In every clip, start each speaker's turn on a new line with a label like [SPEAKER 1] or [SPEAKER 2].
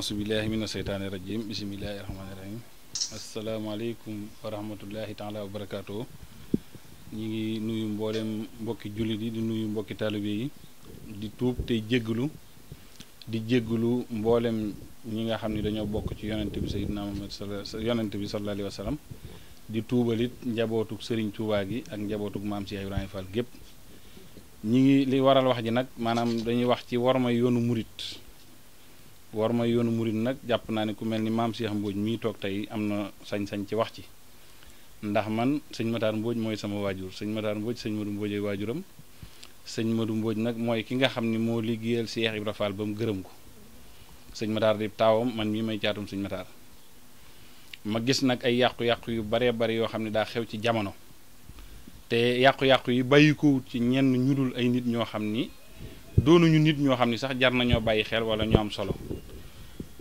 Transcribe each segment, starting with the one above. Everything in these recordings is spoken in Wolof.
[SPEAKER 1] ausu billahi mina seytaani rajim bisimillahi rahmaani rahim asalaamaaleykum taala wa ñi ngi nuyu mboolem mbokki jullit yi di nuyu mbokki taalibe yi di tuub tey jéggalu di jéggalu mbolem ñi nga xam ne dañoo bokk ci yonent bi sayidna Muhammad sal yonent bi sallallahu sallam di tuubalit njabootug Serigne Touba gi ak njabootug maam Cheikh Ibrahima Fall gépp ñi ngi li waral wax ji dañuy wax ci warma yoonu murit war ma yoonu murit nag jàpp naa ne ku mel ni maam Cheikh Mbodj mii toog tey am na sañ-sañ ci wax ci ndax man sëñ Matar Mbodj mooy sama waajur sëñ Matar Mbodj sëñ Modou Mbodj waajuram sëñ Modou Mbodj nag mooy ki nga xam ni moo liggéeyal Cheikh Ibra Fall ba mu gërëm ko sëñ Matar di taawam man mii may caatum sëñ Matar ma gis nag ay yàqu-yàqu yu baree bari yoo xam ne daa xew ci jamono te yàqu-yàqu yi bàyyikowut ci ñenn ñu dul ay nit ñoo xam ni doonuñu nit ñoo xam ni sax jar nañoo bàyyi xel wala ñoo am solo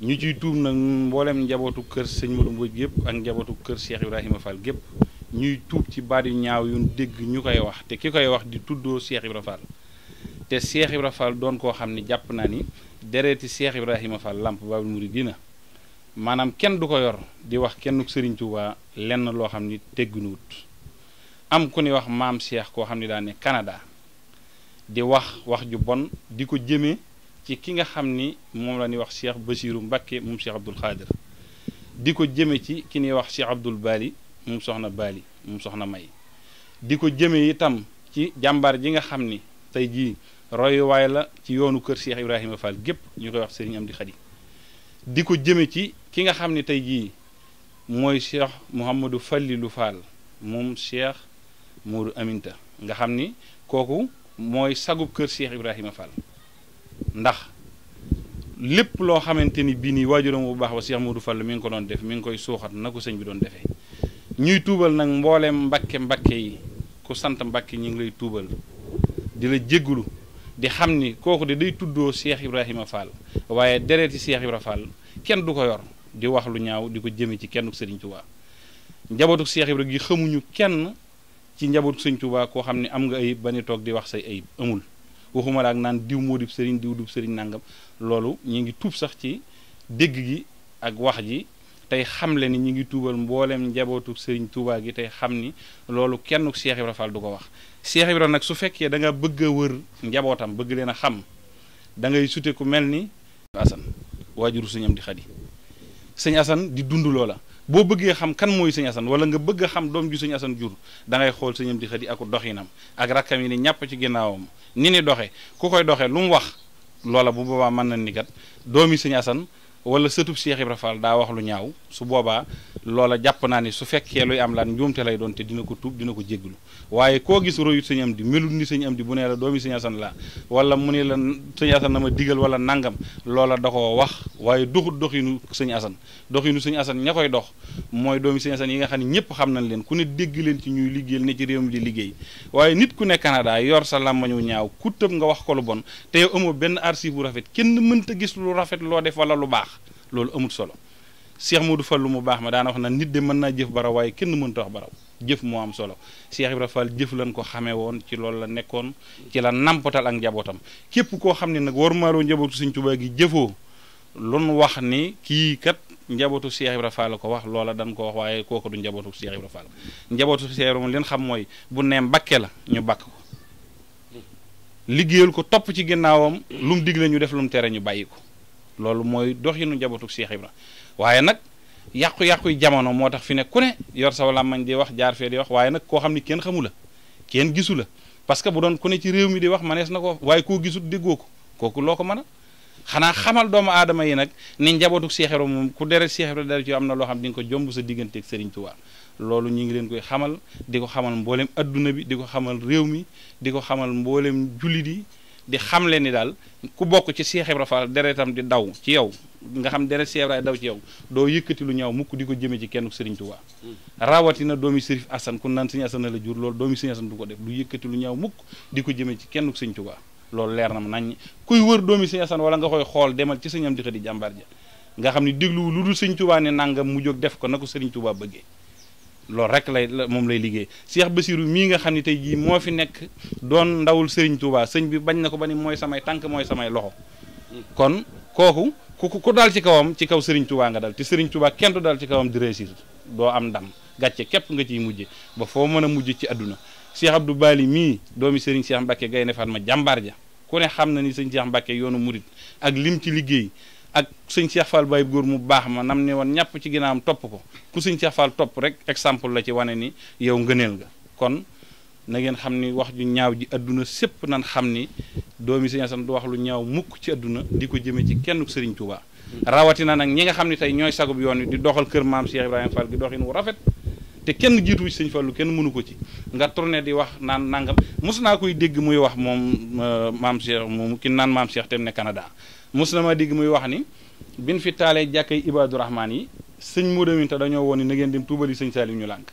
[SPEAKER 1] ñu ciy tuub nag mboolem njabootu kër sëñ Modou Mbodj gépp ak njabootu kër Cheikh Ibrahima Fall gépp ñuy tuub ci baat yu ñaaw yu dégg ñu koy wax te ki koy wax di tuddoo Cheikh Ibrahima Fall te Cheikh Ibrahima Fall doon koo xam ne jàpp naa ni dereeti Cheikh Ibrahima Fall làmp Baabul Muridiina maanaam kenn du ko yor di wax kenn Sëriñ Tuubaa lenn loo xam ni teggunuwut am ku ni wax maam Cheikh koo xam ne daa ne Canada di wax wax ju bon di ko jëmee ci ki nga xam ni moom la ñuy wax Cheikh Basiru Mbacke moom Cheikh Abdoul Xaadir di ko jëme ci ki ñuy wax Cheikh Abdoul Bali moom soxna Bali moom soxna May di ko jëme itam ci jàmbaar ji nga xam ni tey jii royuwaay la ci yoonu kër seex Ibrahima Fall gépp ñu koy wax Serigne di xadi di ko jëme ci ki nga xam ni tey jii mooy Cheikh Mouhamadou lu Fall moom Cheikh Mourou Aminta nga xam ni kooku mooy sagub kër Cheikh Ibrahima Fall ndax lépp loo xamante ni bii nii waajuram bu baax ba Cheikh Modou Fall mi ngi ko doon def mi ngi koy suuxat na ko sëñ bi doon defee ñuy tuubal nag mbooleem mbakke mbakke yi ku sant mbakke ñu ngi lay tuubal di la jéggulu di xam ni kooku de day tuddoo Cheikh Ibrahima Fall waaye dereeti seex Ibrahima Fall kenn du ko yor di wax lu ñaaw di ko jëme ci kenn ku Sëriñ Tuubaa njabootu Cheikh Ibrahima gi xamuñu kenn ci njabootu Sëriñ Tuubaa koo xam ne am nga ayib ba ni toog di wax say ayib amul waxuma la ak naan diw moo dib sëriñ diw dib sëriñ nangam loolu ñu ngi tuub sax ci dégg gi ak wax ji tey xamle ni ñu ngi tuubal mbooleem njabootu sëriñ Tuubaa gi tey xam ni loolu kenn Cheikh Ibra Fall du ko wax Cheikh Ibra nag su fekkee danga nga bëgg a wër njabootam bëgg leen a xam dangay ngay ku mel ni Asan waajuru sëñ Amdi Xadi sëñ Asan di dund loola boo bëggee xam kan mooy sëñ Assane wala nga bëgg xam doom ju sëñ Assane jur da ngay xool sëñam di xëdi ak doxinam ak rakkam yi ni ñàpp ci ginnaawam ni ni doxee ku koy doxee lu mu wax loola bu boobaa mën na ni kat doomi sëñ Assane wala sëtub Cheikh Ibra daa wax lu ñaaw su boobaa loola jàpp naa ne su fekkee luy am laan njuumte lay doon te dina ko tuub dina ko jéggalu waaye koo gis royut sëñ am di melut ni sëñ am di bu nee la doomi sëñ Asan la wala mu ne la sëñ Asan na ma digal wala nangam loola da koo wax waaye doxut doxinu sëñ Asan doxinu sëñ Asan ña koy dox mooy doomi sëñ Asan yi nga xam ne ñëpp xam nañ leen ku ne dégg leen ci ñuy liggéeyal ne ci réew mi di liggéey waaye nit ku ne Canada yor sa làmmañu ñaaw ku tëb nga wax ko lu bon te amoo benn archive bu rafet kenn mënta gis lu rafet loo def wala lu baax loolu amul solo du Modou lu mu baax ma daana wax na nit de mën naa jëf baraw waaye kenn mënta wax baraw jëf moo am solo Cheikh Ibra Fall jëf lañ ko xamee woon ci loolu la nekkoon ci la nampatal ak njabootam képp koo xam ne nag war maaloo njabootu Sëñ Tuubaa gi jëfoo lun wax ni kii kat njabootu Cheikh Ibra Fall ko wax loola dañ ko wax waaye kooku du njabootu Cheikh Ibra njabootu Cheikh Ibra leen xam mooy bu ne mbàkke la ñu bàkk ko liggéeyal ko topp ci ginnaawam lu mu digle ñu def lu mu tere ñu bàyyi ko loolu mooy doxinu njabootu Cheikh Ibra waaye nag yàqu-yàqu jamono moo tax fi ne ku ne yor sa làmmiñ di wax jaar fee di wax waaye nag ko xam ni kenn xamu la kenn gisu la parce que bu doon ku ne ci réew mi di wax manees na ko waaye koo gisut déggoo ko kooku loo ko mën a xanaa xamal doomu aadama yi nag ni njabootu Cheikh Ibra moom ku dere Cheikh Ibra dara ci am na loo xam dinga ko jomb sa digganteeg Serigne Touba loolu ñu ngi leen koy xamal di ko xamal mboolem adduna bi di ko xamal réew mi di ko xamal mboolem jullit yi di xam leen ni daal ku bokk ci Cheikh Ibra Fall deretam di daw ci yow nga xam deret Cheikh Ibra daw ci yow doo yëkkati lu ñaaw mukk di ko jëme ci kenn Serigne Touba mm. rawatina doomi Serif Assane ku naan Serigne Assane la jur loolu doomi Serigne Assane du ko def du yëkkati lu ñaaw mukk ko jëme ci kenn Serigne Touba loolu leer na ma nañ kuy wër doomi Serigne Assane wala nga koy xool demal ci Serigne Amdi Khady jàmbaar ja nga xam ne dégluwu lu dul Serigne Touba ne nangam mu jóg def ko na ko Serigne Touba bëggee loolu rek lay moom lay liggéey Cheikh Bassirou mii nga xam ne tey jii moo fi nekk doon ndawul sëriñ Touba sëñ bi bañ na ko ba ni mooy samay tànk mooy samay loxo kon kooku ku ku dal ci kawam ci kaw Serigne Touba nga dal te Serigne Touba kenn du dal ci kawam di réussir doo am ndam gàcce képp nga ciy mujje ba foo mën a mujj ci àdduna Cheikh Abdou Bali mii doomi Serigne gay ne Gaynde ma jàmbaar ja ku ne xam na ni sëñ Cheikh Mbacke yoonu murit ak lim ci liggéey ak sëñ Cheikh Fall Baye góor mu baax ma nam ne woon ñàpp ci am topp ko ku sëñ Cheikh Fall topp rek exemple la ci wane ni yow ngëneel nga kon na ngeen xam ni wax ju ñaaw ji adduna sépp nan xam ni doomi sëñ Assane du wax lu ñaaw mukk ci adduna di ko jëme ci kenn sëriñ Touba. rawatina nag ñi nga xam ne tey ñooy sagub yoon wi di doxal kër maam Cheikh Ibrahima Fall gi doxin wu rafet te kenn jiitu ci sëñ lu kenn mënu ko ci nga tourné di wax naan nangam mos koy dégg muy wax moom euh, maam Cheikh moom ki naan maam Cheikh tem ne Canada mos ma digg muy wax ni bin fi taalee jàkkay ibaadu rahmaan yi sëñ mudaminta dañoo woon ni na ngeen dem tuubali sëñ Saliou ñu lànk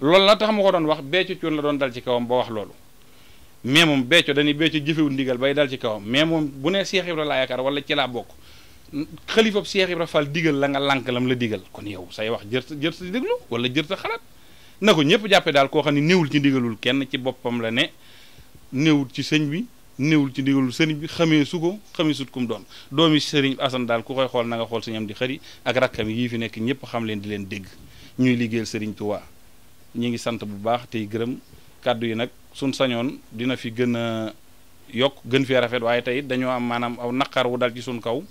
[SPEAKER 1] loolu la tax ma ko doon wax beccu cuun la doon dal ci kawam ba wax loolu mais moom beccu dañuy beccu jëfewul ndigal bay dal ci kawam mais moom bu ne Cheikh Ibra laa yaakaar wala ci laa bokk xalifab Cheikh Ibra Fall digal la nga lànk lam la digal kon yow say wax jër jër sa déglu wala jër sa xalaat na ko ñëpp jàppe daal koo xam ne néewul ci ndigalul kenn ci boppam la ne néewul ci sëñ bi néewul ci ndigalul sëriñ bi xamee su ko xamee sut kum doon doomi sëriñ Assane daal ku koy xool nanga xool sëñ am di xari ak rakkam yi fi nekk ñëpp xam leen di leen dégg ñuy liggéeyal sëriñ Tuubaa ñu ngi sant bu baax tey gërëm kàddu yi nag suñ sañoon dina fi gën a yokk gën fee rafet waaye tey dañoo am maanaam aw naqar wu dal ci suñ kaw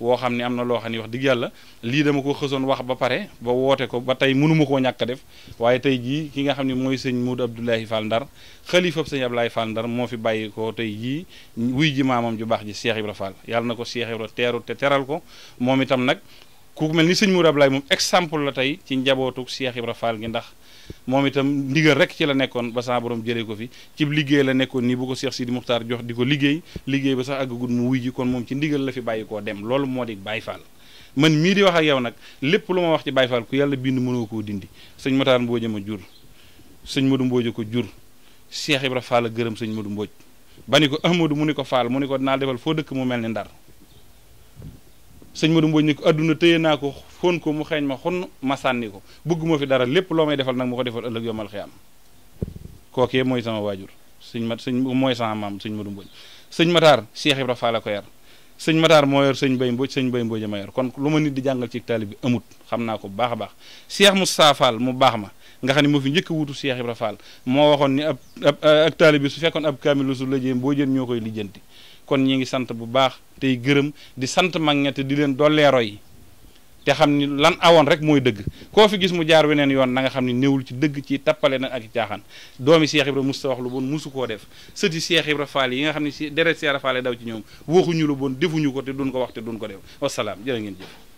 [SPEAKER 1] woo xam ne am na loo xam ne wax dëgg yàlla lii dama ko xësoon wax ba pare ba woote ko ba tey mënuma koo ñàkk a def waaye tey jii ki nga xam ne mooy sëñ Modou Abdoulaye Fall Ndar xalifab sëñ Abdoulaye Fall Ndar moo fi bàyyi ko tey jii wuy ji maamam ju baax ji Cheikh Ibra Fall yàlla na ko Cheikh Ibra teeru te teral ko moom itam nag ku mel ni sëñ Modou Abdoulaye moom exemple la tey ci njabootu Cheikh Ibra Fall gi ndax moom itam ndigal rek ci la nekkoon ba saa borom jëlee ko fi ci liggéey la nekkoon nii bu ko seex Cheikh Sidi Muxtaar jox di ko liggéey liggéey ba sax àggagul mu wuy ji kon moom ci ndigal la fi bàyyi koo dem loolu moo di bàyyi faal man mii di wax ak yow nag lépp lu ma wax ci bàyyi faal ku yàlla bind mënoo koo dindi sëñ Matar Mbooje ma jur sëñ ma Modou Mbooje ko jur Cheikh Ibra Fall gërëm sëñ Modou Mbooj ba ni ko Ahmadou mu ni ko faal mu ni ko dinaa defal foo dëkk mu mel ni Ndar sëñ Modou Mbodj ni ko adduna téye naa ko fon ko mu xeeñ ma xonn ma sànni ko bëgguma fi dara lépp loo may defal nag ma ko defal ëllëg yomal xiyaam kookee mooy sama waajur sëñ mat sëñ mooy sama maam sëñ Modou Mbodj sëñ Matar Cheikh Ibra Fall ko yar sëñ Matar moo yor sëñ Bay Mbodj sëñ Bay Mbodj ma kon lu ma nit di jàngal ci taalib bi amut xam naa ko baax a baax Cheikh Moustapha Fall mu baax ma nga xam ne moo fi njëkk a wutu Cheikh Ibra Fall moo waxoon ni ab ab ak taalib bi su fekkoon ab kaamil su lëjee mboo jën ñoo koy lijjanti kon ñi ngi sant bu baax tey gërëm di sant mag ña te di leen dollee roy te xam ni lan awoon rek mooy dëgg koo fi gis mu jaar weneen yoon na nga xam ni néewul ci dëgg ci tappale na ak caaxaan doomi Cheikh Ibra musta wax lu bon musu koo def sëti Cheikh Ibra Fall yi nga xam ne si deret Cheikh Ibra daw ci ñoom waxuñu lu bon defuñu ko te duñ ko wax te duñ ko def wasalaam jërë ngeen jëf